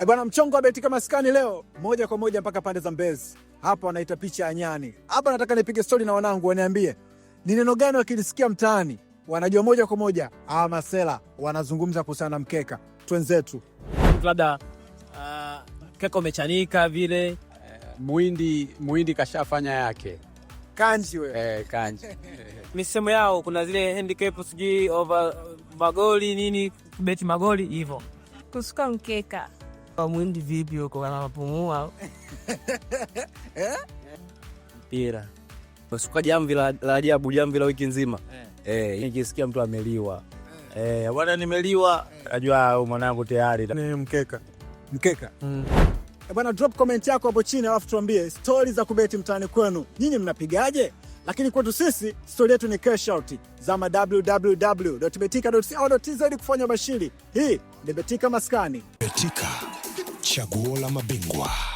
Eh, bwana mchongo wa beti kama maskani leo moja kwa moja mpaka pande za Mbezi. Hapa wanaita picha ya nyani. Hapa nataka nipige stori na wanangu waniambie ni neno gani wakilisikia mtaani wanajua moja kwa moja hawa masela wanazungumza kuhusiana na mkeka. Twenzetu labda uh, ah, mkeka umechanika vile eh, muindi muindi kashafanya yake kanji we. Eh, kanji misemo yao kuna zile handicap sijui over magoli nini beti magoli hivyo kusuka mkeka Mwindi vipi huko wanapumua? Eh? Mpira. Basuka jamvi la ajabu, jamvi la wiki nzima. Eh, eh nikisikia mtu ameliwa. Eh, eh bwana nimeliwa. Najua mwanangu tayari. Ni mkeka. Mkeka. Mm. Bwana drop comment yako hapo chini alafu tuambie stori za kubeti mtaani kwenu. Nyinyi mnapigaje? Lakini kwetu sisi stori yetu ni cash out. Zama www.betika.co.tz kufanya bashiri. Hii ni Betika Maskani. Betika. Chaguo la Mabingwa.